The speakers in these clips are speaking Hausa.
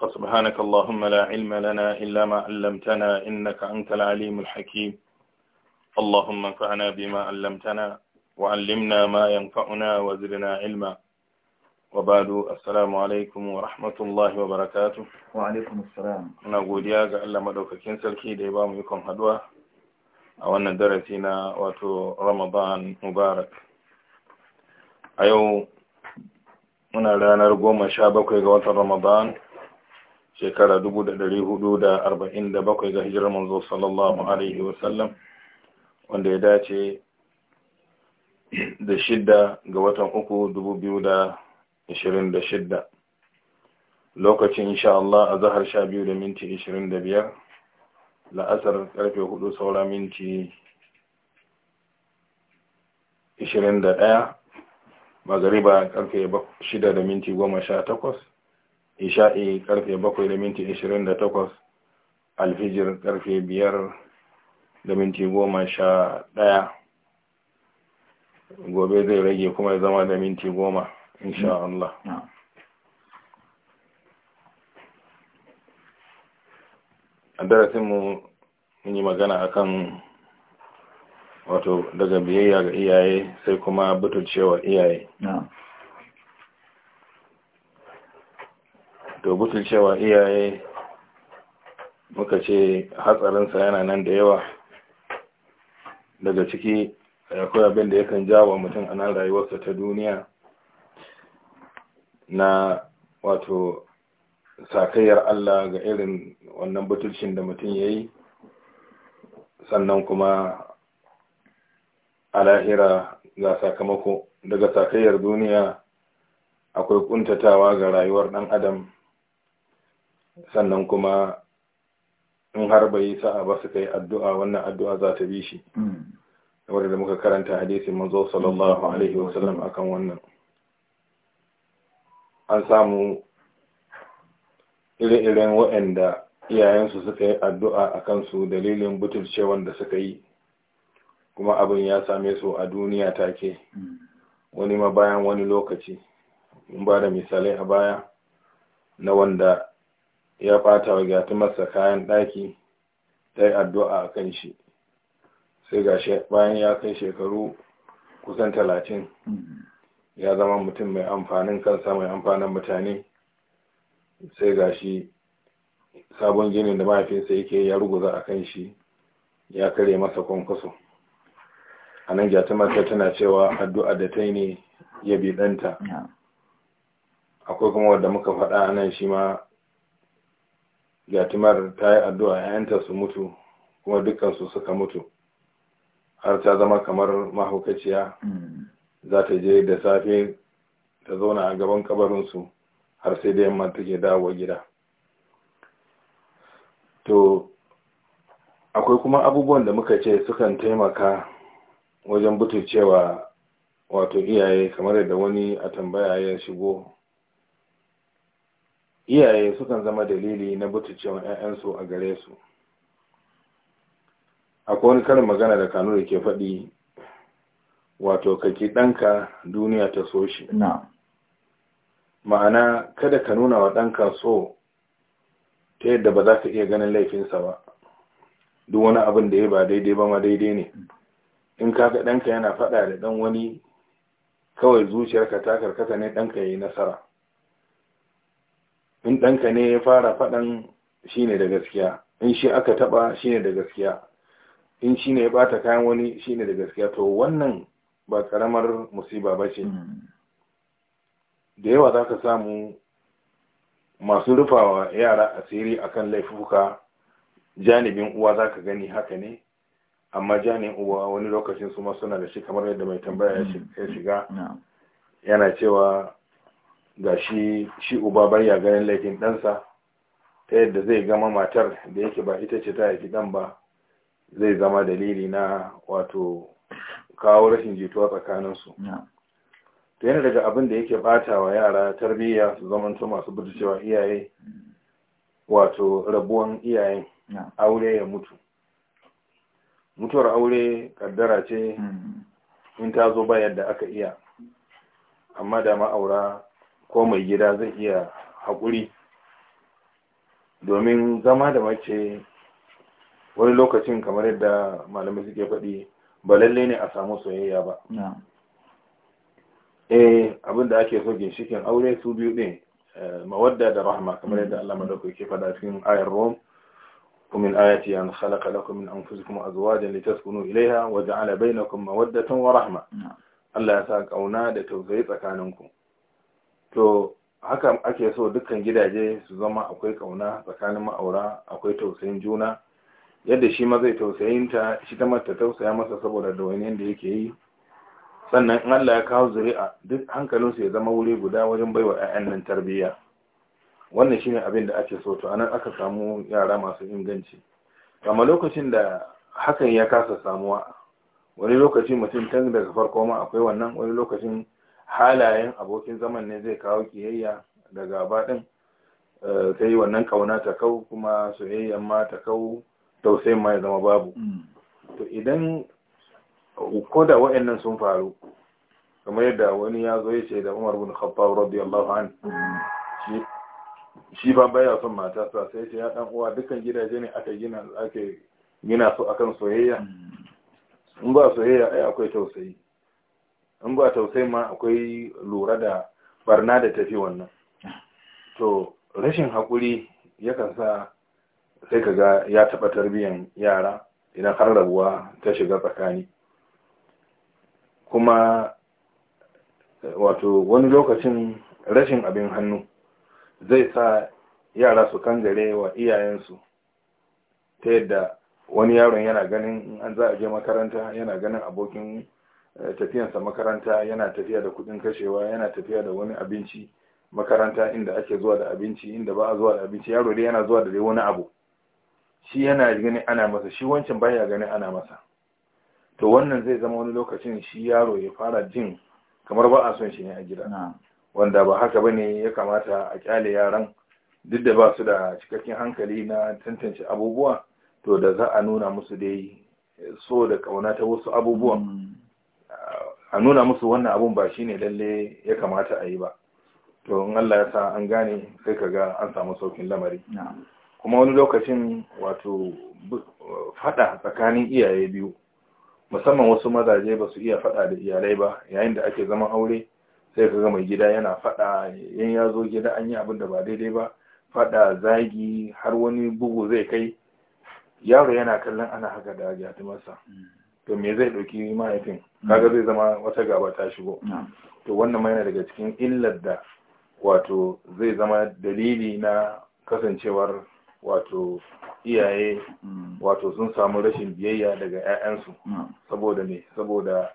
فسبحانك اللهم لا علم لنا إلا ما علمتنا إنك أنت العليم الحكيم اللهم انفعنا بما علمتنا وعلمنا ما ينفعنا وزرنا علما وبعد السلام عليكم ورحمة الله وبركاته وعليكم السلام نقول يا جعل مدوككين سلكي ديبام يكم هدوة أولا درسنا واتو رمضان مبارك أيو muna ranar goma sha bakwai ga watan ramadan shekara bakwai ga hijirar manzo sallallahu alaihi wasallam wanda ya dace da shidda ga watan uku 2026 lokacin insha Allah a zahar sha biyu da minti 25 la'asar karfe 4 saura minti 21 magariba karfe 6 da minti 18 isha'i karfe bakwai da minti ishirin da takwas alfijir karfe biyar da minti goma sha ɗaya gobe zai rage kuma ya zama da minti goma insha Allah a darasinmu mu yi magana akan wato daga biyayya ga iyaye sai kuma butulcewa iyaye to cewa iyaye muka ce hatsarinsa yana nan da yawa daga ciki akwai abin da yakan jawo mutum a nan rayuwarsa ta duniya na wato sakayyar Allah ga irin wannan butulcin da mutum ya yi sannan kuma a ga sakamako daga sakayyar duniya akwai kuntatawa ga rayuwar ɗan adam sannan kuma in har bai sa'a ba suka yi addu'a wannan addu'a za ta bi shi wadda hmm. da muka karanta hadisin manzo sallallahu alaihi wasallam akan wannan an samu ire-iren waɗanda iyayensu suka yi addu'a a kansu dalilin butulcewan da suka yi kuma abin ya same su a duniya take hmm. wani ma bayan wani lokaci in ba da misalai a baya na wanda ya ɓata wa masa kayan ɗaki ta yi addu'a a kan shi sai ga bayan ya kai shekaru kusan talatin ya zama mutum mai amfanin kansa mai amfanin mutane sai ga shi sabon ginin da mahaifinsa yake ya ruguza a kan shi ya kare masa kwankwaso a nan tana cewa addu'a da ta yi ne ya bi ɗanta akwai kuma wadda muka faɗa anan nan shi ma Gyatimar ta yi addu'a ‘ya'yanta su mutu kuma dukansu suka mutu har ta zama kamar mahaukaciya mm. za ta je da safe ta zauna a gaban kabarinsu har sai da yamma take dawo gida to akwai kuma abubuwan da muka ce sukan taimaka wajen butu cewa wato iyaye kamar da wani a tambaya ya shigo iyaye sukan zama dalili na butacewa 'ya'yansu a gare su akwai wani karin magana da kanu da ke faɗi wato kaki ɗanka duniya ta so shi ma'ana kada ka nuna wa ɗanka so ta yadda ba za ka iya ganin laifinsa ba duk wani abin da ya ba daidai ba ma daidai ne in ka ga ɗanka yana faɗa da ɗan wani kawai zuciyarka ta karkata ne ɗanka ya yi nasara in ɗanka ne ya fara faɗan shi ne da gaskiya in shi aka taɓa shi ne da gaskiya in shi ne ya ɓata kayan wani shi ne da gaskiya to wannan ba ƙaramar musiba ba ce mm. da yawa za ka samu masu rufawa yara asiri akan laifuka janibin uwa za ka gani haka ne amma janin uwa wani lokacin su suna da shi kamar yadda mai tambaya ya mm. shiga yana cewa ga shi shi uba barya ganin laifin ɗansa ta yadda zai gama matar da yake ba ita ce ta haifi ɗan ba zai zama dalili na wato kawo rashin jituwa tsakaninsu to yana daga abin da yake bata wa yara tarbiyya su zamanto masu budurcewa iyaye wato rabuwan iyayen aure ya mutu mutuwar aure kaddara ce mm-hmm. in ta zo ba yadda aka iya amma da ma'aura ko mai gida zai iya haƙuri domin zama da mace wani lokacin kamar yadda malamai suke faɗi ba lalle ne a samu soyayya ba eh abinda ake so ginshikin aure su biyu ne eh, mawadda da rahama kamar yadda Allah ke faɗa cikin ayar Rom ومن آياتي أن خلق لكم من na kuma لتسكنوا إليها wa rahama. Allah ya sa kauna da tausayi tsakaninku. to haka ake so dukkan gidaje su zama akwai kauna tsakanin ma'aura akwai tausayin juna yadda shi ma zai tausayin ta shi ta mata tausaya masa saboda da wani yadda yake yi sannan in Allah ya kawo zuri'a duk hankalinsu ya zama wuri guda wajen baiwa 'ya'yan nan tarbiyya wannan shine abin da ake so to anan aka samu yara masu inganci amma lokacin da hakan ya kasa samuwa wani lokaci mutum tun daga farko ma akwai wannan wani lokacin halayen abokin zaman ne zai kawo kiyayya da gaba ɗin eh, ta yi wannan kauna ta kau kuma soyayyan ma ta kau tausayin ma ya zama babu mm. to idan ko da wa'annan sun faru kamar yadda wani ya zo ya ce da umar bin khattab radiyallahu an shi ba baya son mata sa sai ce ya dan uwa dukkan gidaje ne aka gina gina su akan soyayya mm. in ba soyayya ai akwai tausayi in ba tausayi ma akwai lura da barna da tafi wannan to rashin haƙuri yakan sa sai ka ga ya taɓa tarbiyyar yara idan har rabuwa ta shiga tsakani kuma eh, wato wani lokacin rashin abin hannu zai sa yara su kangare wa iyayensu ta yadda wani yaron yana ganin an za a je makaranta yana ganin abokin tafiyansa makaranta yana tafiya da kuɗin kashewa yana tafiya da wani abinci makaranta inda ake zuwa da abinci inda ba a zuwa da abinci yaro dai yana zuwa da dai wani abu shi yana gani ana masa shi wancan baya gani ana masa to wannan zai zama wani lokacin shi yaro ya fara jin kamar ba a son shi ne a gida wanda ba haka ba ne ya kamata a kyale yaran duk da ba su da cikakken hankali na tantance abubuwa to da za a nuna musu dai so da kauna ta wasu abubuwan mm. a nuna musu wannan abun ba shi ne lalle ya kamata a yi ba to in Allah ya sa an gane sai ga an samu saukin lamari kuma wani lokacin wato fada tsakanin iyaye biyu musamman wasu mazaje ba su iya fada da iyalai ba yayin da ake zaman aure sai kaga mai gida yana fada yan ya zo gida an yi abin da ba daidai ba fada zagi har wani bugu zai kai yaro yana kallon ana haka da jatumarsa mm. to me zai ɗauki mahaifin mm. kaga zai zama wata gaba ta shigo to wannan ma yana daga cikin illar da wato zai zama dalili na kasancewar wato iyaye mm. wato sun samu rashin biyayya daga 'ya'yansu saboda me saboda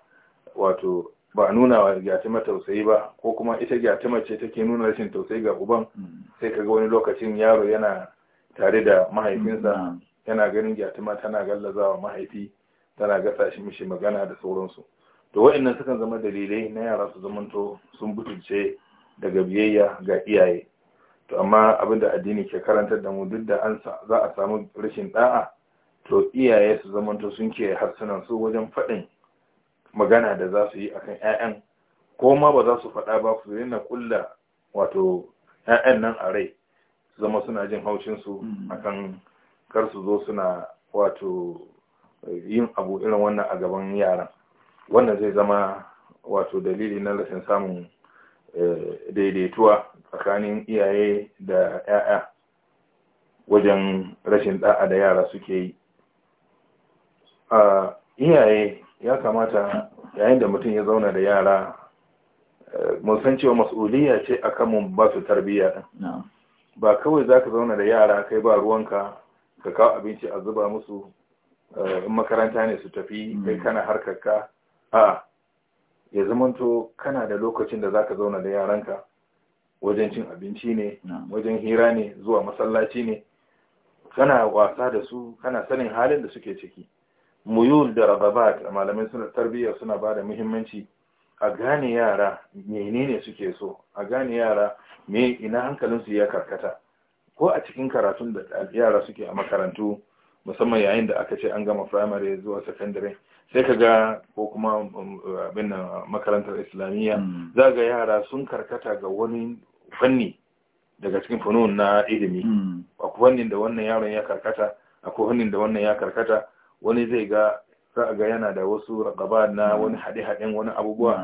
wato ba a nuna wa gyatima tausayi ba ko kuma ita gyatima ce take nuna rashin tausayi ga uban mm. sai kaga wani lokacin yaro yana tare da mahaifinsa yana ganin gyatima tana gallazawa mahaifi tana gasa shi mishi magana da sauransu to wa'annan sukan zama dalilai na yara su zamanto sun butulce daga biyayya ga iyaye to amma abinda addini ke karantar da mu duk da an za a samu rashin da'a to iyaye su zamanto sun ke harsunan su wajen faɗin magana da za su yi akan 'ya'yan ko ma ba za su faɗa ba su yana kulla wato 'ya'yan nan a rai zama suna jin haushin su mm. akan kar su zo suna wato yin abu irin wannan a gaban yaran wannan zai zama wato dalili na rashin samun eh, daidaituwa tsakanin iyaye da 'ya'ya wajen rashin da'a da yara suke yi a iyaye ya kamata yayin da mutum ya zauna da yara eh, mun cewa mas'uliyya ce akan mun ba su tarbiyya ba kawai za ka zauna da yara kai ba ruwanka ka kawo abinci a zuba musu Eh, makaranta ne su tafi hmm. kai kana ka. a ya zamanto kana da lokacin da za ka zauna da yaranka wajen cin abinci ne wajen hira ne zuwa masallaci ne kana wasa da su kana sanin halin da suke ciki muyul da rababat malamai suna tarbiyya suna ba da muhimmanci a gane yara menene suke so a gane yara me ina hankalinsu ya karkata ko a cikin karatun da yara suke a makarantu musamman yayin da aka ce an gama firamare zuwa sakandare sai ka ga ko kuma um, abin nan makarantar islamiyya hmm. za ga yara sun karkata ga wani fanni daga cikin fannin na ilimi hmm. akwai fannin da wannan yaron ya karkata akwai fannin da wannan ya karkata wani zai ga za ga yana da wasu ragaba na hmm. wani haɗe-haɗen wani abubuwa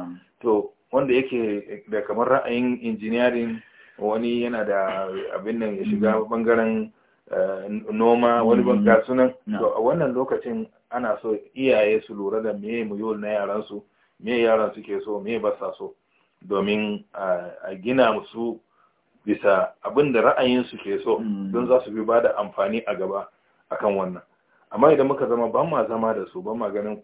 to wanda yake da kamar ra'ayin injiniyarin wani yana da abin nan ya shiga bangaren Eh, noma wani mm-hmm. ga sunan to a wannan lokacin ana so iyaye su lura da me muyol na yaransu me yaran suke so me ba sa so domin eh, a gina musu bisa abin da ra'ayinsu ke so mm-hmm. don za su fi ba da amfani a gaba akan wannan amma idan muka zama ba ma zama da su ba ma ganin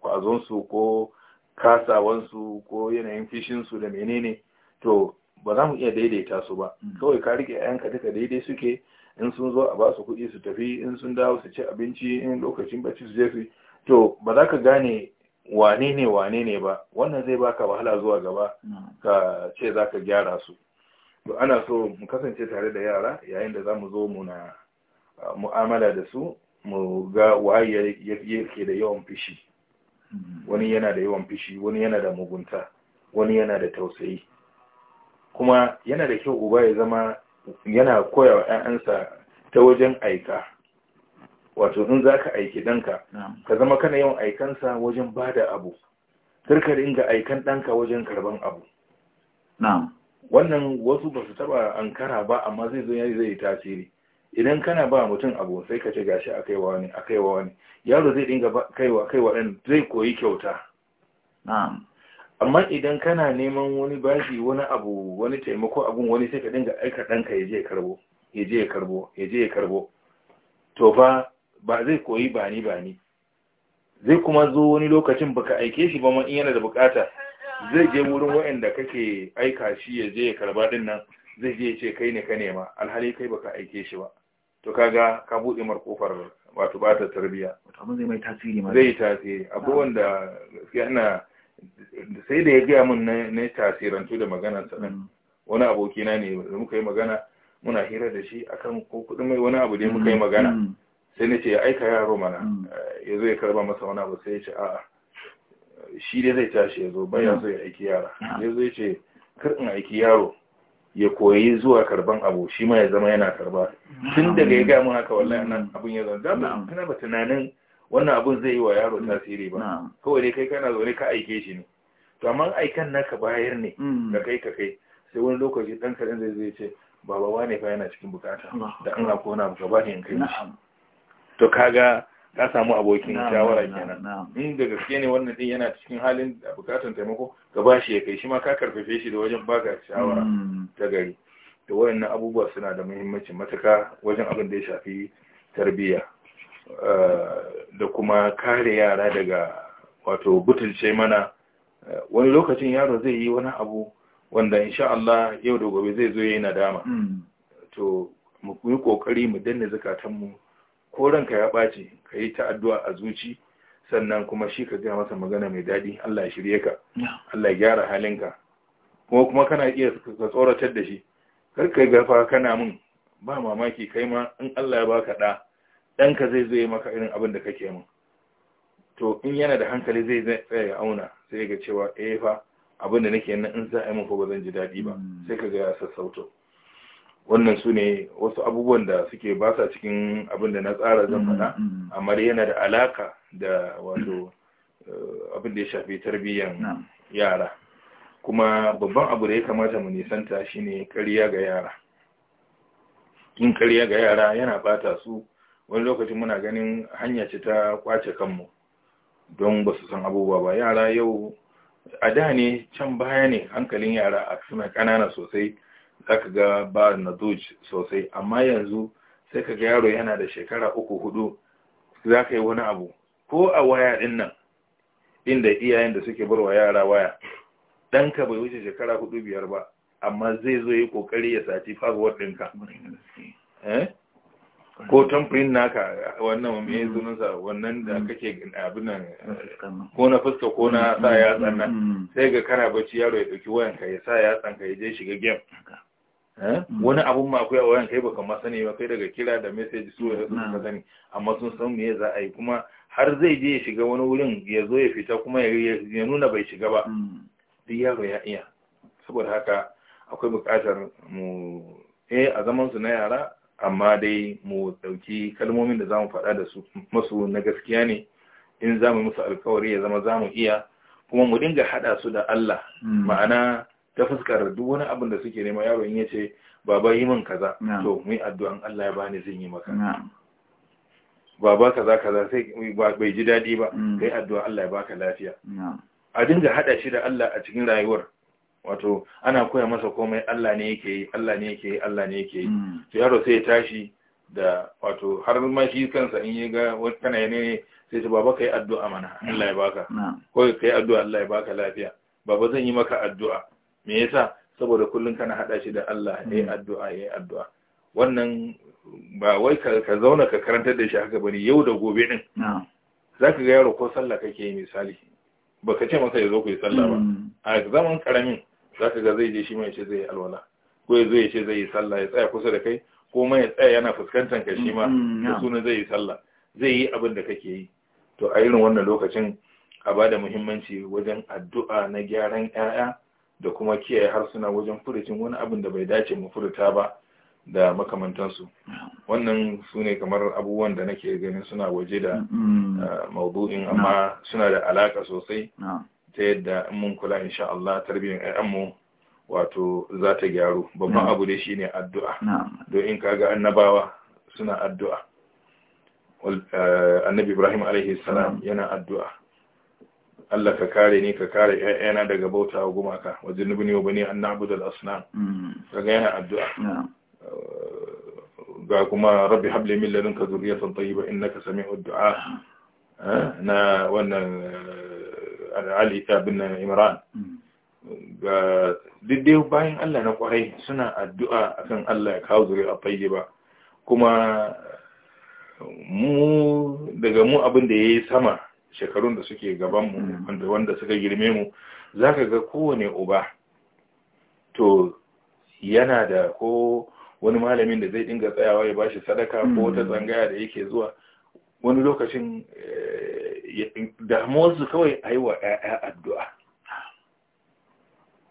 kwazonsu eh, ko kasawansu ko yanayin fishinsu da menene to ba za mu iya daidaita su ba hmm. kawai ka rike yanka duka daidai suke in sun zo a ba su kuɗi su tafi in sun dawo su ci abinci in lokacin bacci su je su to ba za ka gane wane ne wane ne ba wannan zai baka wahala zuwa gaba hmm. ka ce za ka gyara su to ana so mu kasance tare da yara yayin da za mu zo mu na mu'amala da su mu ga waye yake da yawan fishi hmm. wani yana da yawan fishi wani yana da mugunta wani yana da tausayi kuma yana da kyau uba ya zama yana koya wa 'ya'yansa ta wajen aika wato in za ka aiki ɗanka ka zama kana yawan aikansa wajen ba da abu ka dinga aikan ɗanka wajen karban abu wannan wasu ba su taɓa ankara ba amma zai zo yari zai tasiri idan kana ba mutum abu sai ka ce gashi a kaiwa wani a kaiwa wani yaro zai dinga kaiwa kaiwa ɗan zai koyi kyauta amma idan kana neman wani bashi wani abu wani taimako abun wani sai ka dinga aika ɗanka ya je ya karbo ya je ya karbo ya je ya karbo to fa ba zai koyi ba ni ba ni zai kuma zo wani lokacin baka aike shi ba ma in yana da bukata zai je wurin waɗanda kake aika shi ya je ya karba din nan zai je ya ce kai ne ka nema alhali kai baka aike shi ba to kaga ka buɗe kofar wato ba ta tarbiya zai mai tasiri ma zai tasiri abu wanda gaskiya ina sai da ya gaya min na tasirantu da magana nan, mm. wani abokina ne da muka yi magana muna hira da shi akan ko kudin mai wani abu da muka yi mm. magana mm. sai na ce ya aika yaro mana eh, ya zo ya karba masa wani abu sai ya ce a'a shi dai zai tashi ya zo bayan ya aiki yara ah. ya zo ya ce kar in aiki yaro ya koyi zuwa karban abu shi ma ya zama yana karba tun daga ya gaya mun haka wallahi nan abun ya zama dama kana ba tunanin wannan abin zai yi wa yaro mm. tasiri ba kawai dai kai kana zaune ka aike shi ne to amma aikan naka bayar ne mm. Ka kai ka kai sai wani lokaci dan kaɗan zai zai ce baba wane fa yana cikin bukata da an ko na ka ba in kai to kaga ka samu abokin shawara kenan in da gaske ne wannan din yana cikin halin da bukatan taimako ka bashi ya kai shi ma ka karfafe shi da wajen baka shawara mm. ta gari da wayannan abubuwa suna da muhimmanci matuka wajen abin da ya shafi tarbiyya da kuma kare yara daga wato butulce mana wani lokacin yaro zai yi wani abu wanda insha Allah yau da gobe zai zo yana nadama hmm. to mu yi kokari mu danne zakatanmu ko ranka ya ɓaci ka yi ta addu'a a zuci sannan kuma shi ka gaya masa magana mai daɗi Allah ya shirye ka Allah ya gyara halinka ko kuma kana iya ka tsoratar da shi kar ka gafa kana mun ba mamaki kai ma in Allah ya baka da ɗanka zai zo ya maka irin abin da kake mun to in yana da hankali zai zai tsaya ya auna sai ga cewa eh fa abin da nake nan in za a yi min ko ba zan ji daɗi ba hmm. sai ka ga ya sassauto wannan su ne wasu abubuwan da suke ba sa cikin abin da na tsara zan hmm, faɗa hmm, amma yana da alaka da wato eh, abin da ya shafi tarbiyyan yara kuma babban abu da ya kamata mu nisanta shine ƙarya ga yara in ƙarya ga yara yana bata su wani lokacin muna ganin hanya ce ta kwace kanmu don ba su san abubuwa ba yara yau a da ne can baya ne hankalin yara a suna ƙanana sosai za ka ga ba na sosai amma yanzu sai ka ga yaro yana da shekara uku hudu za ka yi wani abu ko a waya ɗin nan inda iyayen da suke barwa yara waya ɗanka bai wuce shekara hudu biyar ba amma zai zo yi ƙoƙari ya sati fagowar ɗinka ko tamfirin naka wannan mai zunansa mm. wannan da mm. kake nan. ko na fuska ko na mm, sa yatsan nan sai ga kana bacci yaro ya dauki wayanka ya sa ya tsanka ya je shiga game eh? wani abun ma akwai a wayan kai baka ma sani ba kai daga kira da message su ya sun sani amma sun san me za a yi kuma har zai je ya shiga wani wurin ya zo ya fita kuma ya nuna bai shiga ba duk yaro ya iya saboda haka akwai bukatar mu eh a zaman su na yara amma dai mu ɗauki kalmomin da za mu faɗa da su masu na gaskiya ne in za mu musu alkawari ya zama za mu iya kuma mu dinga haɗa su da Allah hmm. ma'ana ta fuskar duk wani abin da suke nema yaro in ya ce baba yi min kaza to mu yi addu'an Allah ya bani zan yi maka baba kaza kaza sai bai ji daɗi ba hmm. kai addu'a Allah ya baka lafiya a dinga haɗa shi da Allah a cikin rayuwar wato ana koya masa komai Allah ne yake yi Allah ne yake yi Allah ne yake yi hmm. to yaro sai ya tashi da wato har ma shi kansa in ya ga wata kana ne sai ta baba kai addu'a mana Allah ya baka hmm. ko kai addu'a Allah ya baka lafiya baba zan yi maka addu'a me yasa saboda kullun kana hada shi da Allah yayi hmm. addu'a yayi addu'a wannan ba wai ka zauna ka karantar da shi haka bane yau da gobe din zaka ga yaro ko sallah kake yi misali baka ce masa ya zo ku yi sallah ba a zaman karamin za ka ga zai je shi mai ce zai alwala ko ya zai ce zai yi sallah ya tsaya kusa da kai ko mai ya tsaya yana fuskantar ka shi ma mm, mm, da sunan zai yi sallah zai yi abin da kake yi to a irin wannan lokacin a ba da muhimmanci wajen addu'a na gyaran 'ya'ya da kuma kiyaye harsuna wajen furucin wani abin da bai dace mu furuta ba da makamantansu wannan su ne kamar abubuwan da nake ganin suna waje da mm, uh, maudu'in amma suna da alaka sosai ta yadda mun kula insha Allah tarbiyyar mu wato za ta gyaru babban abu shi shine addu'a don in kaga annabawa suna addu'a eh, annabi Ibrahim alaihi salam yana addu'a Allah ka kare ni ka kare yana daga bauta wa gumaka wa zunubni wa bani an na'budu al-asnam mm. kaga yana addu'a eh, ga kuma rabbi habli min ladunka zurriyatan tayyiba innaka sami'ud du'a eh, na wannan ali bin nan imran ga diddai bayan Allah na kwarai suna addu'a kan Allah ya kawo zuri'a ba kuma mu daga mu abin da yayi sama shekarun da suke gabanmu mm. wanda suka girme mu zaka ga kowane uba to yana da ko wani malamin da zai dinga tsayawa ya bashi sadaka ko mm. wata tsangaya da yake zuwa wani lokacin eh, damuwarsu kawai a yi wa ‘ya'ya addu'a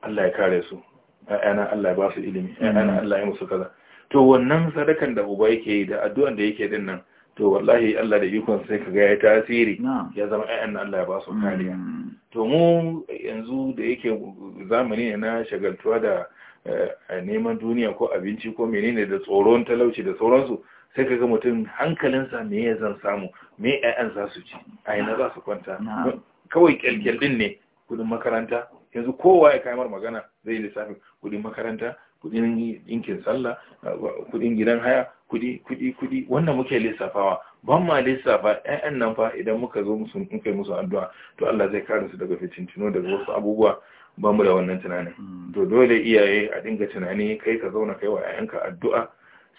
Allah ya kare su ‘ya'yana Allah ya ba su ilimi ‘ya'yana mm. Allah ya musu kaza to wannan sadakan da uba yake yi da addu'an da yake din nan to wallahi Allah da ikon sai kaga ya tasiri ya zama ‘ya'yan Allah ya ba su kariya mm. to mu yanzu da yake zamani ne na shagaltuwa da eh, neman duniya ko abinci ko menene da tsoron talauci da sauransu sai ka ga mutum hankalinsa me ya zan samu me ƴaƴan za su ci a yana za su kwanta kawai kyalkyalin ne kudin makaranta yanzu kowa ya kamar magana zai lissafi kudin makaranta kudin ɗinkin sallah kudin gidan haya kudi kudi kudi wannan muke lissafawa ban ma lissafa ƴaƴan nan fa idan muka zo musu in kai musu addu'a to Allah zai kare su daga fitintino daga wasu abubuwa ba mu da wannan tunanin hmm. to dole iyaye a dinga tunani kai ka zauna kai wa ƴaƴanka addu'a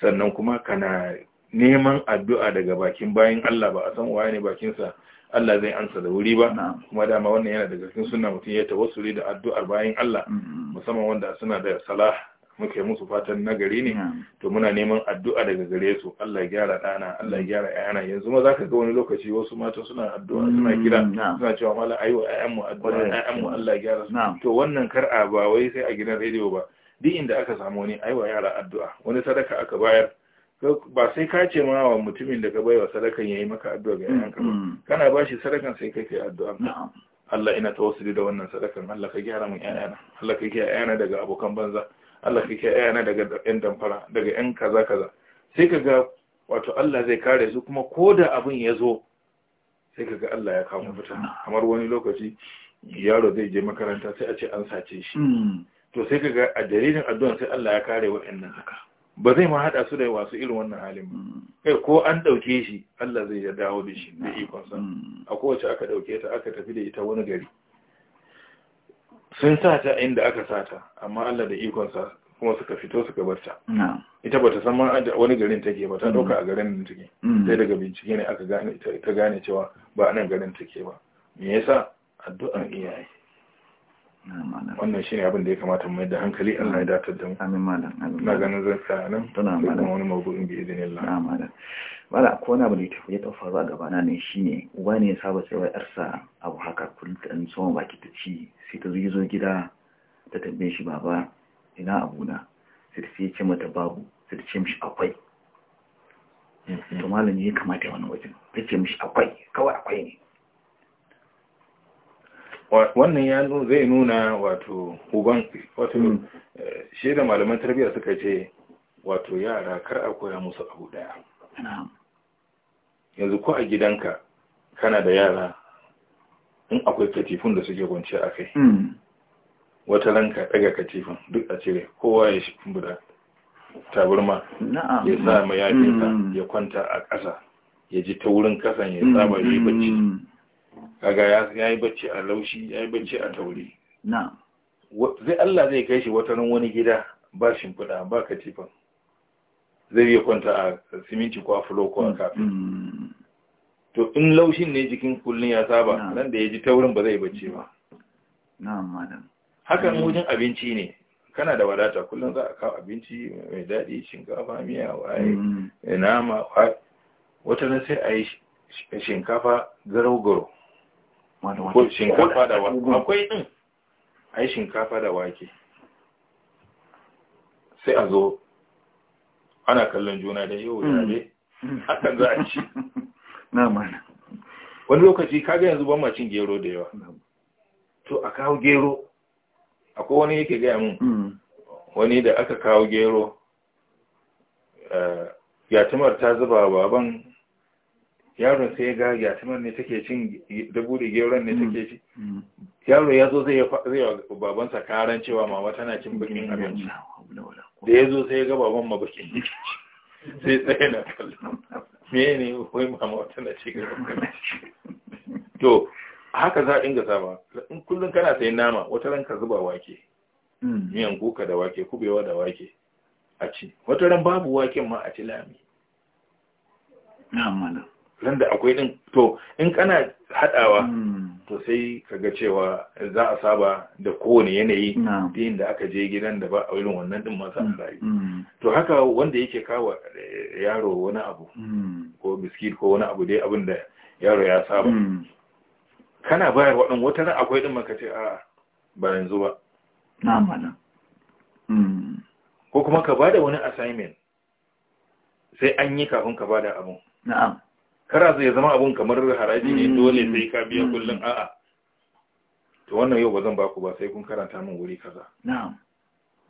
sannan kuma kana neman addu'a daga bakin bayan Allah ba a san waye ne bakinsa Allah zai ansa da wuri ba kuma dama wannan yana daga cikin sunna mutum ya tawassuli da addu'ar bayan Allah mm-hmm. musamman wanda suna da salah muka yi musu fatan nagari ne to muna neman addu'a daga gare su Allah ya gyara dana Allah ya mm-hmm. gyara ayana yanzu ma zaka ga wani lokaci wasu mata suna addu'a suna mm-hmm. kira suna cewa mala ayo ayan mu addu'a ayan mu Allah ya gyara su to wannan kar'a ba wai sai a gidan rediyo ba duk inda aka samu wani ayo yara addu'a wani sadaka aka bayar ba sai ka ce ma wa mutumin da ka wa sadakan yayi maka addu'a ga mm, yanka ba mm. kana ba shi sadakan sai kake addu'a Allah ina tawassuli da wannan sadakan Allah ka gyara min yana Allah ka kiyaye yana daga abokan banza Allah ka kiyaye yana daga ƴan damfara daga ƴan kaza kaza sai ka ga wato Allah zai kare su kuma koda abin ya zo sai ka ga Allah ya kawo fita kamar wani lokaci yaro zai je makaranta sai a ce an sace shi mm. to sai ka ga a dalilin addu'a sai Allah ya kare wa'annan haka ba zai ma haɗa su da wasu irin wannan halin ba mm. kai ko an ɗauke shi Allah zai ya dawo da shi da mm. ikonsa mm. a kowace aka ɗauke ta aka tafi da ita wani gari sun sa ta inda aka sa ta amma Allah da ikonsa kuma suka fito suka bar ta ita ba ta san ma wani garin take ba ta ɗauka a garin nan take sai daga bincike ne aka gane ta gane cewa ba a nan garin take ba me yasa addu'an iyaye wannan shi ne abin da ya kamata mu da hankali Allah ya datar da mu amin malam na ganin zan tsaya nan tana malam wani mawdu'in bi idinillah na malam wala ko na bane tafi ya tafi a gaba na ne ne uba ne ya saba sai wai yarsa abu haka kullun tsawon baki ta ci sai ta zo gida ta tabbe shi baba ina abuna sai ta ce mata babu sai ta ce mishi akwai mhm. to malam ya kamata wani wajen ta ce mishi akwai kawai akwai ne wannan ya zai nuna wato uban wato hmm. eh, shi da malaman tarbiyyar suka ce wato yara kar a koya musu abu daya yanzu ko a gidanka kana da yara in akwai katifin da suke kwanci a kai hmm. wata ranka daga katifin duk a cire kowa ya shi buda taburma ya sa mayafinsa hmm. ya kwanta a ƙasa ya ji ta wurin kasan ya saba yi bacci kaga ya yi bacci a laushi ya yi bacci a taure zai Allah zai kai shi nan wani gida ba shimfiɗa ba katifan zai iya kwanta a siminti ko a fulo ko a mm, kafin mm. to in laushin ne jikin kullum ya saba nan da ya ji taurin ba zai bacci ba hakan mm. wajen abinci ne kana da wadata kullum za a kawo abinci mai daɗi shinkafa miya waye nama wata na sai a yi shinkafa garau-garau ko shinkafa da wake akwai din ai shinkafa da wake sai a zo ana kallon juna da yau hmm. da ne hmm. hakan za a ci na mana wani lokaci kaga yanzu ban ma cin gero da yawa to a kawo gero akwai wani yake gaya mun hmm. wani da aka kawo gero eh, yatimar ta zuba baban yaron sai ya ga yatiman ne take cin dubu da geron ne take ci mm. Mm. yaro ya zo zai yi babansa karan cewa mama tana cin bakin abinci da ya zo sai ya ga baban ma bakin sai tsaye na kallon me ne wai mama tana cin bakin to haka za a inga sama in kullum kana sayin nama wata ran ka zuba wake mm. miyan kuka da wake kubewa da wake a ci wata ran babu waken ma a ci lami na'am ran da akwai din to in kana hadawa hmm. to sai kaga cewa za a saba da kowane yanayi din da aka je gidan da ba a irin wannan din masu hmm. alayi hmm. to haka wanda yake kawo eh, yaro wani abu ko biskit ko wani abu dai abin da yaro ya saba kana bayar waɗin wata ran akwai din maka ce a ba yanzu ba na mana ko kuma ka bada wani assignment sai an yi kafin ka bada abun na'am kara zai zama abun kamar haraji ne hmm. dole sai ka biya hmm. kullum a'a to wannan yau ba zan baku ba sai kun karanta min wuri kaza na'am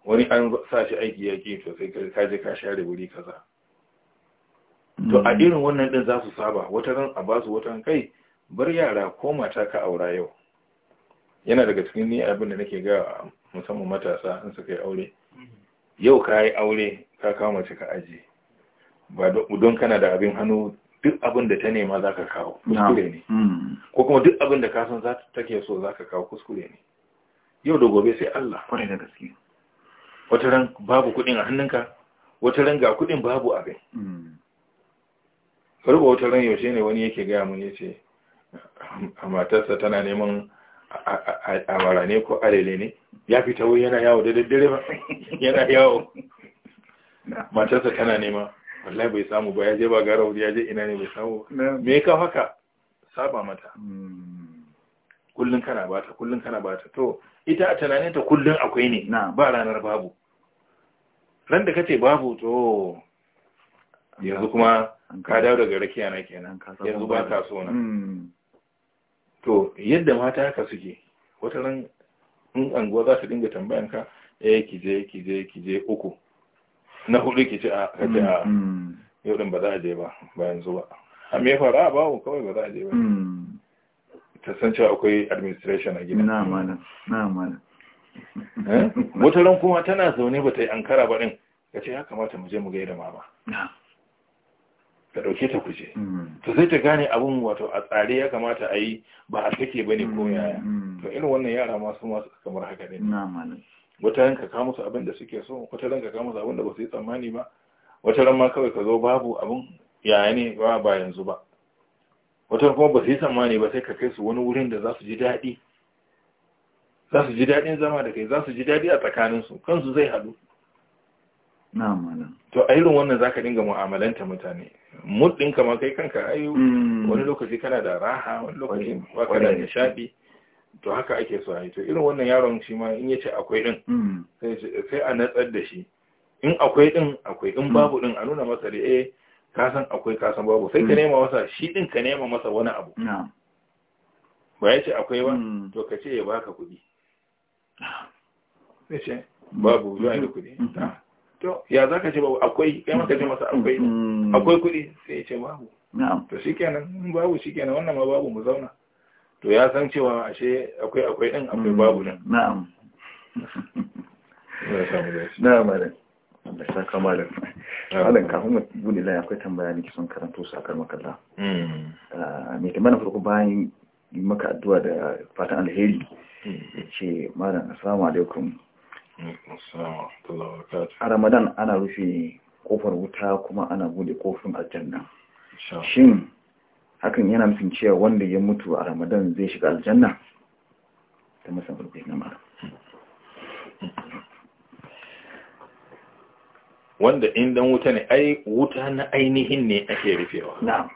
wani an sa shi aiki ya ke to sai ka je ka share wuri kaza to a hmm. irin wannan din za su saba wata ran a basu wata ran kai bar yara ko mata ka aura yau yana daga cikin ni abin da nake ga musamman matasa in suka yi aure yau ka yi aure ka kawo mace ka aje ba don kana da abin hannu duk abin da ta nema za ka kawo kuskure ne hmm. ko kuma duk abin da kasan za ta ke so za ka kawo kuskure ne yau da gobe sai Allah kwarai da gaske wata ran babu kuɗin a hannunka wata ran ga kuɗin babu abin hmm. karba wata ran yaushe ne wani yake gaya mun yace matarsa tana neman a ne ko arele ne ya fita wuri yana yawo da daddare ba yana yawo matarsa tana nema wallahi bai samu ba ya je ba gara wuri ya je ina ne bai samu me ka haka saba mata hmm. kullun kana bata kullun kana bata to ita a tunanin ta kullun akwai ne na ba ranar babu ran da kace babu to yanzu kuma ka dawo daga rakiya na kenan yanzu ba ka so na hmm. to yadda mata haka suke wata ran in anguwa za su dinga tambayan ka eh ki je ki je ki je uku na hudu ke ci a a mm, mm. yau din ba za a je ba ba yanzu ba a me fara ba ku kawai ba za a je ba mm. ta san cewa akwai administration a gida na malam na malam eh? wata ran kuma tana zaune ba ta yi ankara ba din ka ce ya kamata mu je mu gaida ba. ka ɗauke ta kuje to sai ta gane abun wato a tsare ya kamata a yi ba a take ba ne ko yaya to irin wannan yara masu masu kamar haka ne wata ranka ka musu abin da suke so wata ranka ka musu abin da ba su yi tsammani ba wata ran ma kawai ka zo babu abin yaya ne ba ba yanzu ba wata kuma ba su yi tsammani ba sai ka kai su wani wurin da za su ji daɗi za su ji daɗin zama da kai za su ji daɗi a tsakaninsu kansu zai haɗu to a irin wannan zaka dinga mu'amalanta mutane muddin ɗinka ma kai kanka ayu hmm. wani lokaci kana da raha wani lokaci ba ka da nishaɗi to haka ake so a yi to irin wannan yaron shi ma in ya ce akwai din hmm. sai a natsar da shi in akwai din akwai in hmm. babu din a nuna masa da eh ka san akwai ka san babu sai ka hmm. nema masa shi din ka nema masa wani abu ba ya ce akwai ba to ka ce ya baka kuɗi sai ce babu zuwa da kuɗi to ya za ka ce babu akwai kai maka ce masa akwai akwai kuɗi sai ya ce babu to shikenan babu shikenan, wannan ma babu mu zauna to ya san cewa ashe akwai akwai ɗin akwai mm, babu nan na'am na'am malam Allah ya kama da malam kafin mu gudu lai akwai tambaya ne kisan karanto su akar makalla mm. ah, me ta mana farko bayan yi maka addu'a da fatan alheri mm. ce malam assalamu alaikum a ramadan ana rufe kofar wuta kuma ana bude kofin aljanna shin hakan yana nufin cewa wanda ya mutu a ramadan zai shiga aljanna ta musamman na mara wanda in dan wuta ne ai wuta na ainihin ne ake rufewa na'am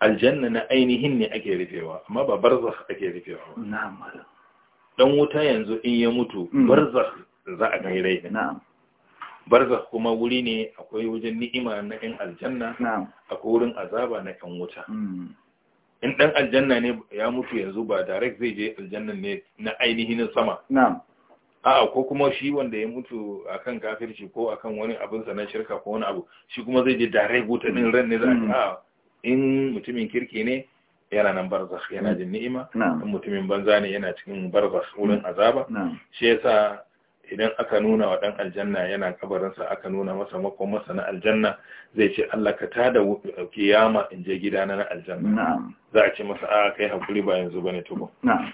aljanna na ainihin ne ake rufewa amma ba barzakh ake rufewa na'am dan wuta yanzu in ya mutu mm. barzakh za a kai rai na'am barza kuma wuri ne akwai wajen ni'ima na yan aljanna akwai wurin azaba na yan wuta mm. in ɗan aljanna ne ya mutu yanzu ba direct zai je aljanna ne na ainihin sama a'a ko kuma shi wanda ya mutu akan kafirci ko akan wani abin sa shirka ko wani abu shi kuma zai je direct wuta din mm. ran ne za a mm. in mutumin kirki ne yana nan barzakh yana jin ni'ima in mutumin banza ne yana cikin barzakh wurin azaba shi yasa idan aka nuna wa ɗan aljanna yana kabarinsa aka nuna masa makon masa na aljanna zai ce Allah ka tada kiyama in je gidana na aljanna za a ce masa a kai hakuri ba yanzu bane tubo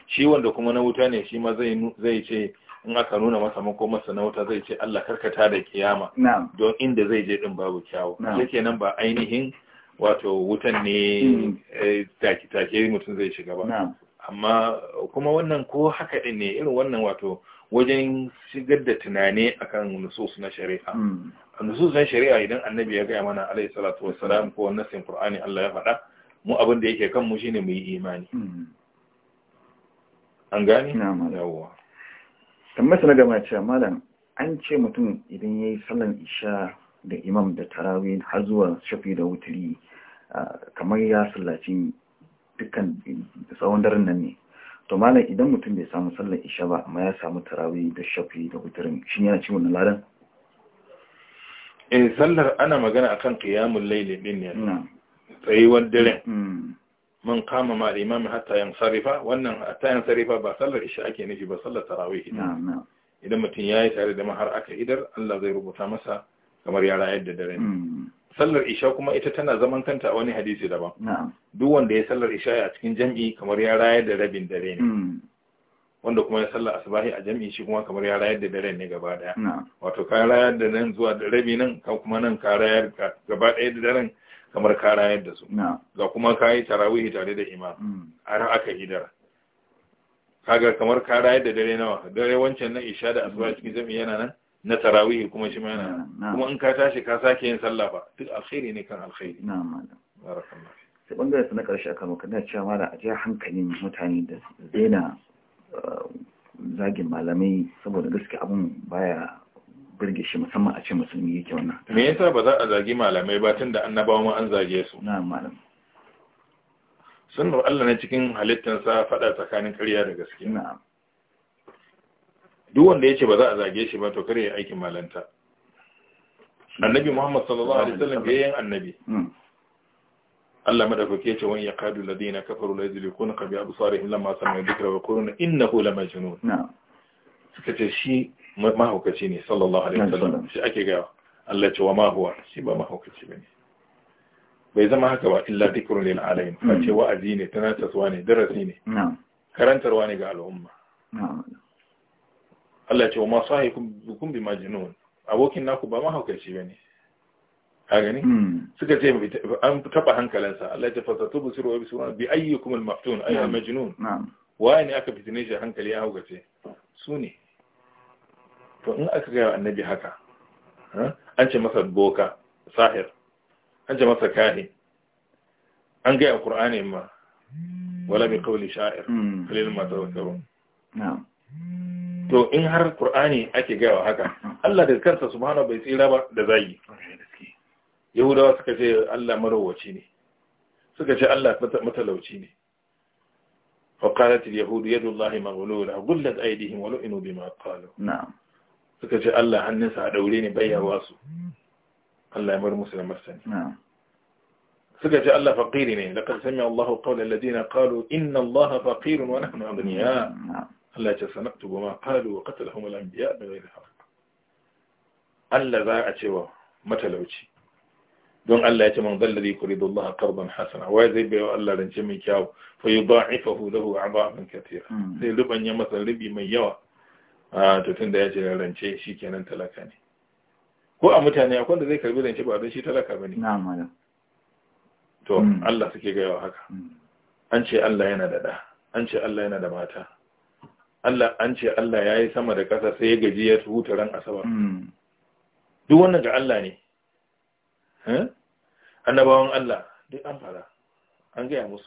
shi wanda kuma na wuta ne shi ma zai ce in aka nuna masa makon masa na wuta zai ce Allah karkata da kiyama don inda zai je din babu kyawu yake nan ba ainihin wato wutan ne mm. eh, take take mutum zai shiga ba amma kuma wannan ko haka din ne irin wannan wato wajen shigar da tunani akan nusus na shari'a hmm. nusus na shari'a idan annabi ya gaya mana alaihi salatu wassalam ko nasin qur'ani Allah ya faɗa mu abin da yake kan mu shine mu yi imani hmm. an gane na'am yawa tambayar na gama cewa malam an ce mutum idan yayi sallan isha da imam da tarawi har zuwa shafi da wutiri ah, kamar ya sallaci dukkan tsawon daren nan ne to malam idan mutum bai samu sallar isha ba amma ya samu tarawih da shafi da wutarin shin yana ci wannan ladan eh sallar ana magana akan qiyamul layl din ne tsayuwar dare hmm. man kama ma imam hatta sarifa, wannan hatta sarifa ba sallar isha ake nufi ba sallar tarawih ne idan mutum yayi tare da har aka idar Allah zai rubuta masa kamar yara rayar da dare hmm. sallar isha kuma ita tana zaman kanta a wani hadisi daban duk wanda ya sallar isha a cikin jam'i kamar ya rayar da rabin dare ne hmm. wanda kuma ya sallar asubahi a jam'i shi kuma kamar ya rayar da dare ne gaba daya wato ka rayar da nan zuwa da rabi nan ka kuma nan ka rayar gaba daya da daren kamar ka rayar da su ga kuma ka yi tarawihi tare da imam hmm. har aka hidara kaga kamar ka rayar da dare nawa dare wancan na isha da asubahi cikin jam'i yana nan na tarawih kuma shi mana kuma in ka tashi ka sake yin sallah ba duk alkhairi ne kan alkhairi na'am malam barakallahu sai bangare na karshe akan maka na cewa malam a ji hankalin mutane da zaina eh, zagin malamai saboda gaskiya abun baya birge shi musamman a ce musulmi yake wannan me yasa ba za a zagi malamai ba tunda annabawa ma an zage su na'am malam sunnar Allah ne cikin halittansa fada tsakanin ƙarya da gaskiya na'am duk wanda yace ba za a zage shi ba to kare ya aikin malanta annabi Muhammad sallallahu alaihi wasallam gayyen annabi hmm. Allah madaukake yace wani yaqadu ladina kafaru la yadlikuna qabi absarihim lamma sami'u dhikra wa yaquluna innahu lamajnun na'am suka ce shi mahaukaci ne sallallahu alaihi wasallam shi ake ga Allah ce wa ma huwa shi ba mahaukaci bane bai zama haka ba illa dhikrun lil alamin hmm. fa ce wa'azi ne tana taswa ne darasi ne na'am karantarwa ne ga al'umma na'am Allah ce wa masu haikun bi majnun abokin naku ba mahaukaci ba ne gani hmm. suka ce an taba hankalansa. Allah ce fasatu bi siru bi suna bi ayyukum al-maftun ayyukum majnun waye ne aka fitine shi hankali ya haukace su ne to in aka gaya annabi haka an ce masa boka sahir an ce masa kahi an gaya alqur'ani ma wala bi qawli sha'ir kalil hmm. ma tawakkalun na'am to in har qur'ani ake gawa haka Allah da karsa subhanahu bai tsira ba da zagi yahudawa suka ce Allah marowaci ne suka ce Allah matalauci ne فقالت اليهود يد الله مغلولة غلت أيديهم ولئنوا بما قالوا نعم suka ce Allah hannunsa a daure ne bayyawa su Allah ya bar musu da martani suka ce Allah faqiri ne laqad sami Allahu qawla alladhina qalu inna Allaha faqirun wa nahnu aghniya Allah ce ba ma qalu wa qatalahum al-anbiya bi ghairi haqq Allah za a cewa matalauci don Allah ya ce man zalladhi yuridu Allah karban hasana wai zai bayo Allah rance mai kyau fa yi yudha'ifahu lahu a'dha'an katira sai hmm. rubanya masa ribi mai yawa a ah, to da ya ce rance kenan talaka ne ko a mutane akwai da zai karbi rance ba don shi talaka bane na'am malam to hmm. Allah suke gaya wa haka hmm. an ce Allah yana da da an ce Allah yana da mata Allah an ce Allah ya yi sama da ƙasa sai ya gaji ya huta ran asabar hmm. duk wannan ga Allah ne eh? annabawan Allah duk an fara an gaya musu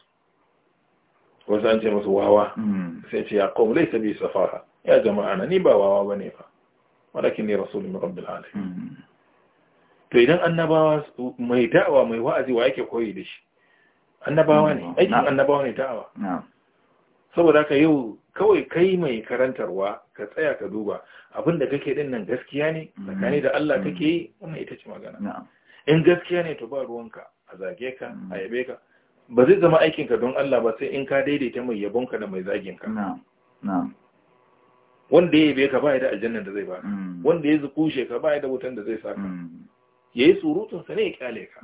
wasu an ce musu wawa hmm. sai ce ya qawm laisa bi safara. ya jama'a na ni ba wawa ba ne fa walakin rasu ne rabbil alamin hmm. to idan annabawa mai da'awa mai wa'azi wa yake koyi da shi annabawa ne aikin annabawa ne da'awa saboda ka yau kawai kai mai karantarwa ka tsaya ka duba abin da kake din nan gaskiya ne mm. tsakani da Allah mm. kake yi wannan ita ce magana in gaskiya ne to ba ruwanka a zage ka mm. a yabe ka ba zai zama aikinka don Allah ba sai in ka daidaita mai yabonka da mai zaginka wanda ya yabe ka ba da aljannan da zai ba wanda ya zukushe ka ba da wutan da zai saka yayi surutun sa ne ya kyale ka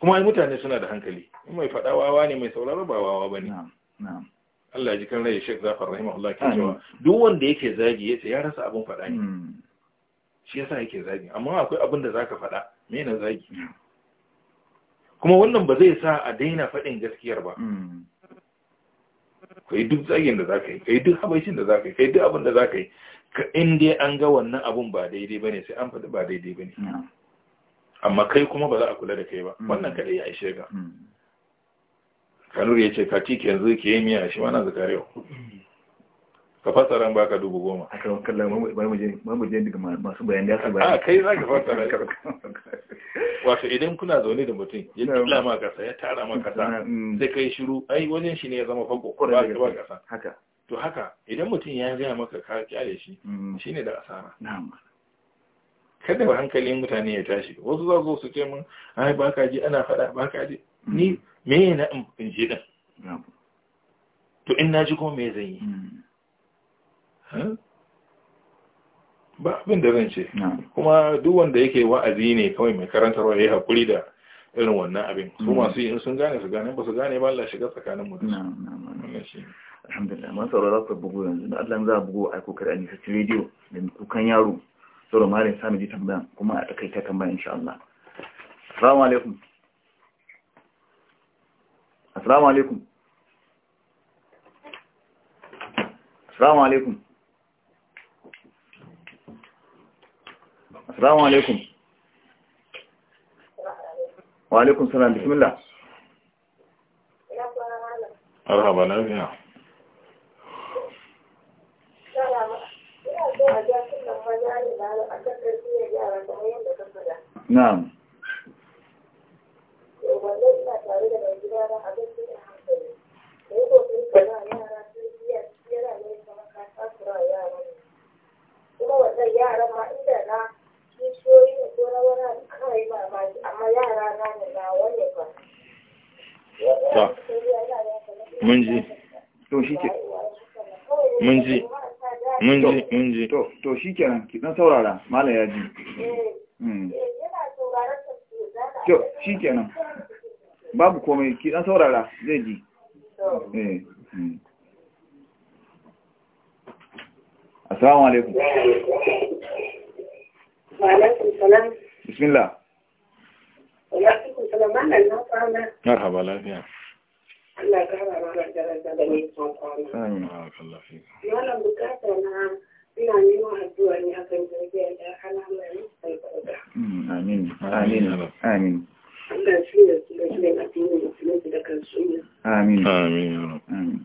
kuma ai mutane suna da hankali In mai faɗa wawa ne mai sauraro ba wawa bane na'am Allah ji kan rai Sheikh Zafar rahimahullah ke cewa duk wanda yake zagi yace ya rasa abin faɗa ne hmm. shi yasa yake zagi amma akwai abin da zaka faɗa me ne zagi hmm. kuma wannan ba zai sa a daina faɗin gaskiyar ba hmm. kai duk zagin da zaka yi kai duk habaicin da zaka yi kai duk abin da zaka yi in dai an ga wannan abun ba daidai bane sai an faɗi ba daidai bane amma kai kuma ba za a kula da kai ba wannan kadai ya ishe ga kanur ya ce ka ci yanzu ke yi miya shi mana zakarewa ka fassara ba ka dubu goma a kan kallon mamuje daga masu bayan ya su a kai za ka fassara wasu idan kuna zaune da mutum ya tula ma kasa ya tara ma kasa sai mm. kai shiru ai wajen shi ne ya zama fanko ko ba ba kasa haka to haka idan mutum ya gaya maka ka kyale shi mm. shi ne da asara na'am kada ba hankalin mutane ya tashi wasu za su ce mun ai ba ka ji ana faɗa ba ka ji ni me na in je din to in na ji kuma me zan yi ba abin da zan ce kuma duk wanda yake wa'azi ne kawai mai karantarwa ya yi haƙuri da irin wannan abin su mm. masu yi sun gane su gane ba su gane ba Allah shiga tsakanin mu alhamdulillah masu saurara ta bugu yanzu da Allah za a bugu a kokari a nisa rediyo da kukan yaro saboda malin sami ji tambayan kuma a takaita tambayan insha Allah assalamu alaikum السلام عليكم السلام عليكم السلام عليكم وعليكم السلام بسم الله مرحبا هنا نعم yara ma inda na kishiyoyi ne ko na wani kawai mamaki amma yara na ne na wani ba mun ji to shi ke mun ji mun ji mun ji to shi kenan ki dan saurara malam ya ji eh, hmm. eh, to shi kenan babu komai ki dan saurara zai ji eh hmm. السلام عليكم وعليكم السلام بسم الله وعليكم السلام مرحبا لا فيها الله يكرمك يا رب العالمين الله يا لم امين امين امين نعم.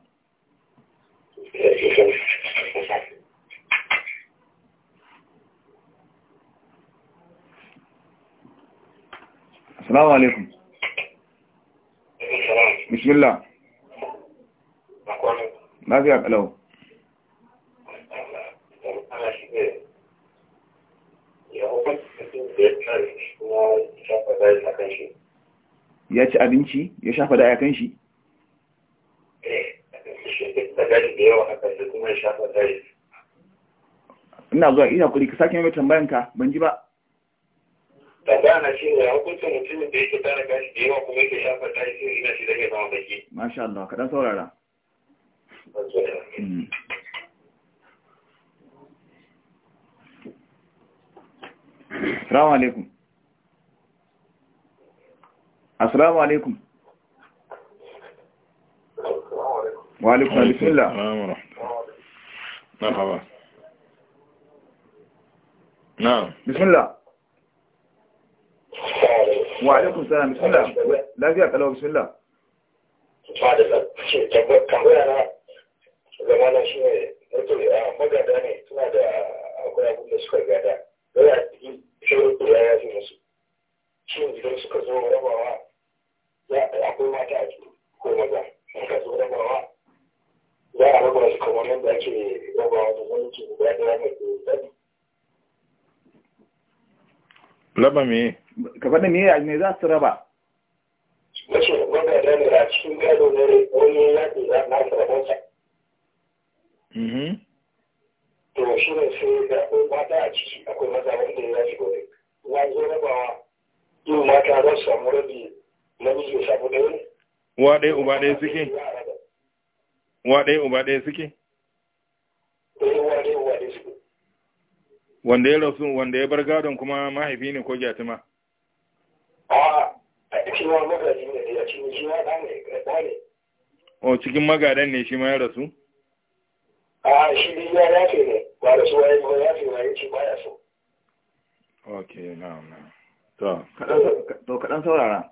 الله ما في Lafiya kalau. Ya ci abinci, ya shafa da ayakan shi? gari da yawa hakan da kuma ya shafa gari ina zuwa ina kuri ka sake mai tambayan ka ban ji ba tambaya na shi ne hukuncin mutumin da yake tara gashi da yawa kuma yake shafa gari sai ina shi da ke zama baki masha Allah kaɗan saurara hmm. Assalamu alaikum. Assalamu alaikum. wa alaikum bismillah مرحبا نعم بسم الله وعليكم السلام بسم الله لا فيك بسم الله shi ne mutum magada ne suna da akwai da suka gada da ya yi da ya shi suka zo rabawa akwai mata a ko maza suka zo rabawa za a raba shi kamar yadda ake raba wani zumunci guda da mai tsari. Raba me? Ka faɗi me ne za su raba? Mace wanda da ne a cikin gado ne wani yaƙi za na su rabansa. Mm-hmm. To shi ne sai da akwai mata a ciki akwai maza wanda ya shiga gobe. Na zo rabawa yin mata za su samu rabi namiji ya samu ɗaya. Uwa ɗaya uba ɗaya suke? uwa ɗaya uba ɗaya suke wanda ya rasu wanda ya bar gadon kuma mahaifi ne ko jatima o cikin magadan ne shi ma ya rasu a shi ne ya yafe ne ba ya yafe ba ok na na to kaɗan saurara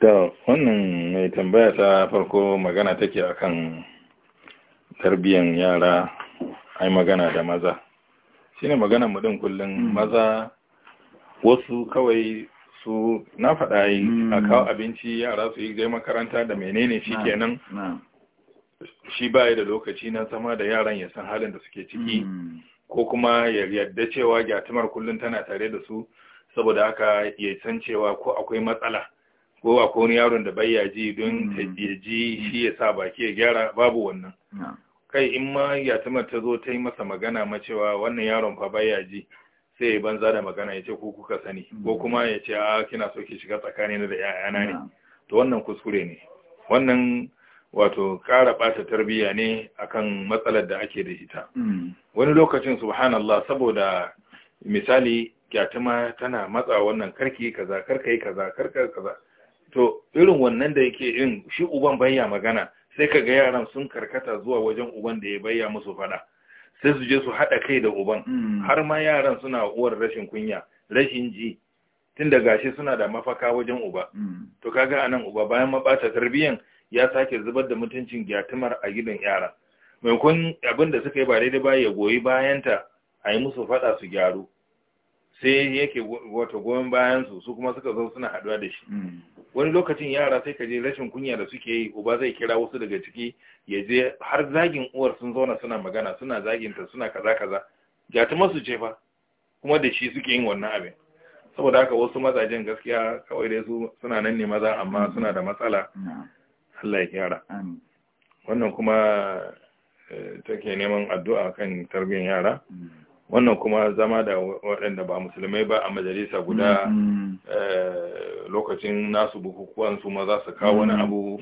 da wannan mai tambaya ta farko magana take akan tarbiyan yara ai magana da maza shine magana mu din kullum mm. maza wasu kawai su na faɗa yi mm. a kawo abinci yara su yi zai makaranta da menene shi kenan shi baya da lokaci na sama da yaran ya san halin da suke ciki mm. ko kuma ya yadda cewa gyatumar kullum tana tare da su saboda haka ya san cewa ko akwai matsala ko a wani yaron da bai ji don hmm. ya ji shi ya sa baki ya gyara babu wannan kai in ma tuma ta zo ta yi masa magana ma cewa wannan yaron fa bai ji sai ya banza da magana ya ce ko kuka sani hmm. ko kuma ya ce a kina so ki shiga tsakanin da ‘ya'yana ne to wannan kuskure ne wannan wato ƙara ɓata tarbiyya ne akan matsalar da ake da ita hmm. wani lokacin subhanallah saboda misali gyatuma tana matsa wannan karki kaza karkai kaza kaza to irin wannan da yake yin shi uban bayya magana sai kaga yaran sun karkata zuwa wajen uban da ya bayya musu fada sai su je su haɗa kai da uban hmm. har ma yaran suna uwar rashin kunya rashin ji tun da gashi suna da mafaka wajen uba hmm. to kaga anan uba bayan mabata tarbiyyan ya sake zubar da mutuncin gyatumar a gidan yara maimakon abin da suka yi ba daidai ba ya goyi bayanta a yi musu faɗa su gyaru sai yake wata goyon bayan su su kuma suka zo suna haduwa da shi wani lokacin yara sai ka je rashin kunya da suke yi uba zai kira wasu daga ciki ya je har zagin uwar sun zauna suna magana suna zaginta suna kaza kaza ga masu ce fa kuma da shi suke yin wannan abin saboda haka wasu mazajen gaskiya kawai dai su suna nan ne maza amma suna da matsala Allah ya kyara wannan kuma eh, take neman addu'a kan tarbiyyar yara mm. wannan kuma zama da waɗanda ba musulmai ba a majalisa guda mm-hmm. eh, lokacin nasu bukukuwan su ma za su kawo wani mm-hmm. abu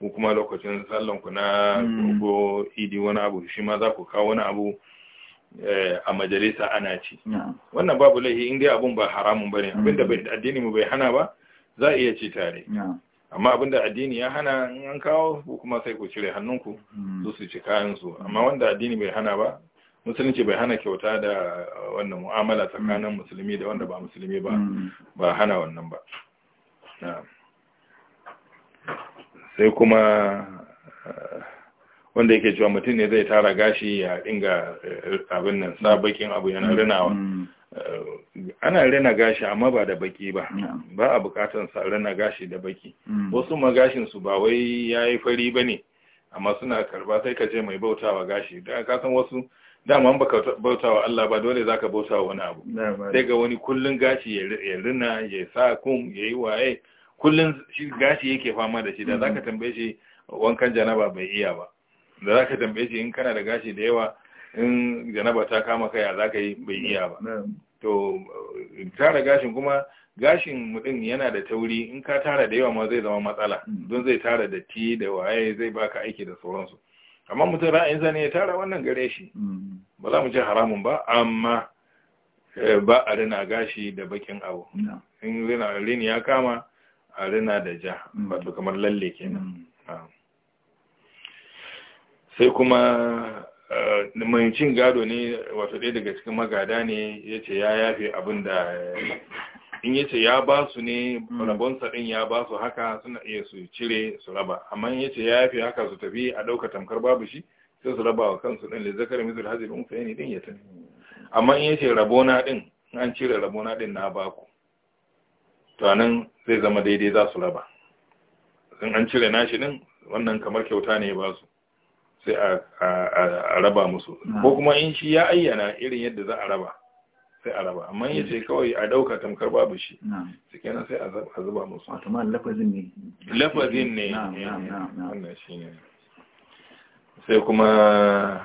ko kuma lokacin sallanku na gogo mm-hmm. idi wani abu shi ma za ku kawo wani abu eh, a majalisa ana ci wannan babu laifi in dai abun ba haramun bane abinda addini mu bai hana ba za a iya ci tare amma abinda addini ya hana in an kawo kuma sai ku cire hannunku su su ci kayan su amma wanda addini bai hana ba musulunci bai hana kyauta da uh, wannan mu'amala mm. tsakanin musulmi da wanda ba musulmi ba mm. ba hana wannan ba sai kuma uh, wanda yake cewa mutum ne zai tara gashi ya dinga uh, abin nan sabakin mm. abu yana rinawa ana rina gashi amma ba da baki ba ba a bukatar sa rina gashi da baki wasu ma gashin su ba wai yayi fari bane amma suna karba sai ka ce mai bautawa gashi da ka san wasu dama baka bauta wa Allah ba dole zaka bauta wa wani abu sai ga wani kullun gashi ya rina ya sa kum ya yi waye kullun shi gashi yake fama da shi da zaka mm-hmm. tambaye shi wankan janaba bai iya ba da zaka tambaye shi in kana da gashi da yawa in janaba ta kama kai ya zaka yi bai iya ba to tara gashin kuma gashin mutum yana da tauri in ka tara da yawa ma zai zama matsala mm-hmm. don zai tara da ti da waye zai baka aiki da sauransu amma mutum ra'ayin ne ya tara wannan gare shi mm. ba za mu ce haramun ba amma eh, ba a rina gashi da bakin abu in rina rini ya kama a rina da ja mm. to kamar lalle kenan mm. ah. sai kuma eh, mai cin gado ne wato ɗaya daga cikin magada ne ya ce ya yafe abin da eh, in yace ya ba su ne mm. rabonsa din ya ba su haka suna iya su cire su raba amma in yace ya yafi haka su tafi a dauka tamkar babu shi sai su raba wa kansu din le zakar mithul hadhihi al ne din ya tafi amma in yace rabona din an cire rabona din na ba ku to anan zai zama daidai za su raba in an cire nashi din wannan kamar kyauta ne ba su sai a raba musu mm. ko kuma in shi ya ayyana irin yadda za a raba sai a raba amma ya ce kawai a ɗauka tamkar babu shi su kenan sai a zuba musu wato ma lafazin ne lafazin ne wannan shi ne sai kuma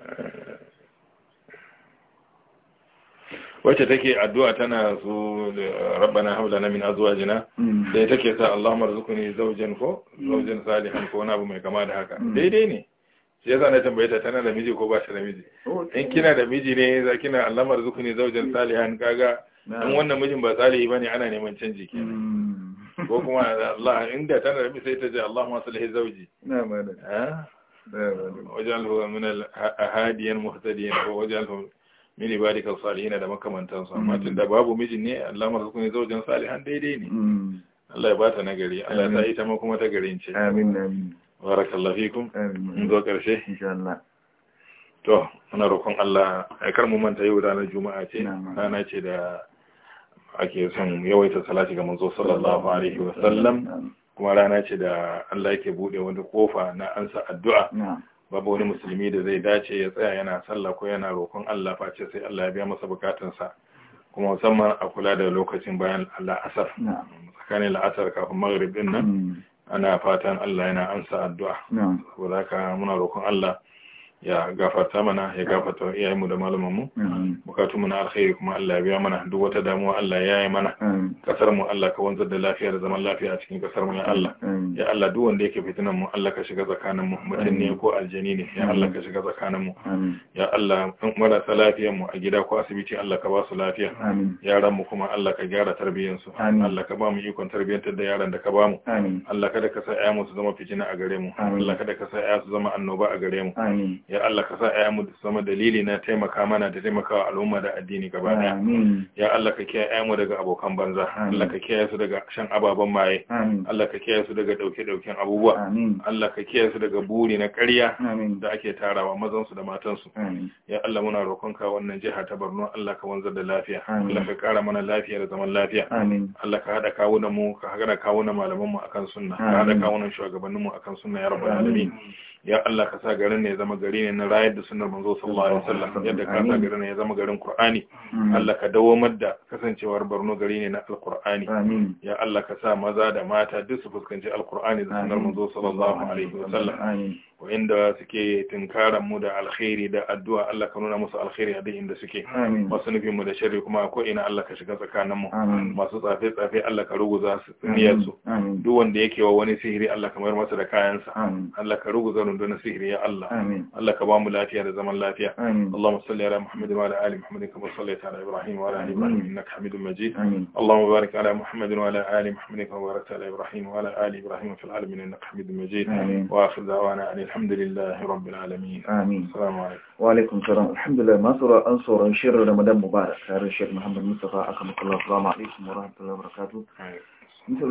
eh, wacce take addu'a tana su rabbana habla na min azwajina mm. sai take sa Allahumma rzuqni zawjan ko zawjan salihan ko na abu mai kama da haka mm. daidai ne shi yasa na tambaye ta tana da miji ko ba ta da miji in kina da miji ne za kina allamar zukuni zaujan salihan kaga in wannan mijin ba salihi bane ana neman canji kenan hmm. ko kuma Allah inda tana da miji sai ta ce Allahumma salih zauji na mana ha wajalhu min al ahadiyan muhtadiyan wa wajalhu min ibadika salihin da makamantansu amma hmm. tunda babu mijin ne allamar zukuni zaujan salihan daidai ne hmm. Allah ya bata nagari Allah ya sa ita ma kuma ta garin ce amin amin barakallahu fikum zuwa karshe insha Allah to muna roƙon Allah kar mu manta yau ranar juma'a ce rana ce da ake son yawaita salati ga manzo sallallahu alaihi wa sallam kuma rana ce da Allah yake bude wani kofa na ansa addu'a babu wani musulmi da zai dace ya tsaya yana sallah ko yana roƙon Allah face sai Allah ya biya masa bukatunsa kuma musamman a kula da lokacin bayan la'asar tsakanin la'asar kafin maghrib din nan mm. ana fatan Allah yana amsa addu'a saboda muna roƙon Allah ya gafarta mana ya gafarta iyayenmu da malamanmu bukatu mu na alkhairi kuma Allah ya biya mana duk wata damuwa Allah ya yi mana kasar mu Allah ka wanzar da lafiya da zaman lafiya a cikin kasar mu ya Allah ya Allah duk wanda yake fitinan mu Allah ka shiga tsakanin mu mutum ne ko aljani ne ya Allah ka shiga tsakanin mu ya Allah in marasa lafiyar mu a gida ko asibiti Allah ka ba su lafiya yaran mu kuma Allah ka gyara tarbiyyar su Allah ka ba mu ikon tarbiyyantar da yaran da ka ba mu Allah kada ka sa ƴaƴan mu su zama fitina a gare mu Allah kada ka sa ƴaƴa su zama annoba a gare mu ya Allah ka sa ayyamu da sama dalili na taimaka mana da taimakawa al'umma da addini gaba daya ya Allah ka kiyaye ayyamu daga abokan banza Allah ka kiyaye su daga shan ababen maye Allah ka kiyaye su daga dauke dauken abubuwa Allah ka kiyaye su daga buri na ƙarya da ake tarawa mazan su da matan su ya Allah muna ka wannan jiha ta Borno Allah ka wanzar da lafiya Allah ka ƙara mana lafiya da zaman lafiya Allah ka hada kawunan mu ka hada kawunan malaman mu akan sunna ka hada kawunan shugabannin mu akan sunna ya rabbal alamin ya Allah ka sa garin ne ya zama gari ne na rayar da sunar manzo sallallahu alaihi wasallam yadda ka sa garin ne ya zama garin Qur'ani Allah ka dawamar da kasancewar Borno gari ne na Al-Qur'ani ya Allah ka sa maza da mata duk su fuskanci Al-Qur'ani da sunar manzo sallallahu alaihi wasallam wa'inda suke tunkaran mu da alkhairi da addu'a Allah ka nuna musu alkhairi a duk inda suke masu nufin mu da sharri kuma ko ina Allah ka shiga tsakanin mu masu tsafe tsafe Allah ka ruguza su niyyar duk wanda yake wa wani sihiri Allah ka mayar masa da kayansa Allah ka ruguza rundunar sihiri ya Allah Allah ka ba mu lafiya da zaman lafiya Allahumma salli ala Muhammad wa ala ali Muhammad kama sallaita ala Ibrahim wa ala ali Ibrahim innaka Hamidum Majid Allahumma barik ala Muhammad wa ala ali Muhammad kama barakta ala Ibrahim wa ala ali Ibrahim fil alamin innaka Hamidum Majid wa akhir da'wana alhamdulillahi rabbil alamin amin assalamu alaikum wa alaikum salam alhamdulillah masura an soran shirin Ramadan mubarak tare da Sheikh Muhammad Mustafa akamukallahu assalamu alaikum wa rahmatullahi wa barakatuh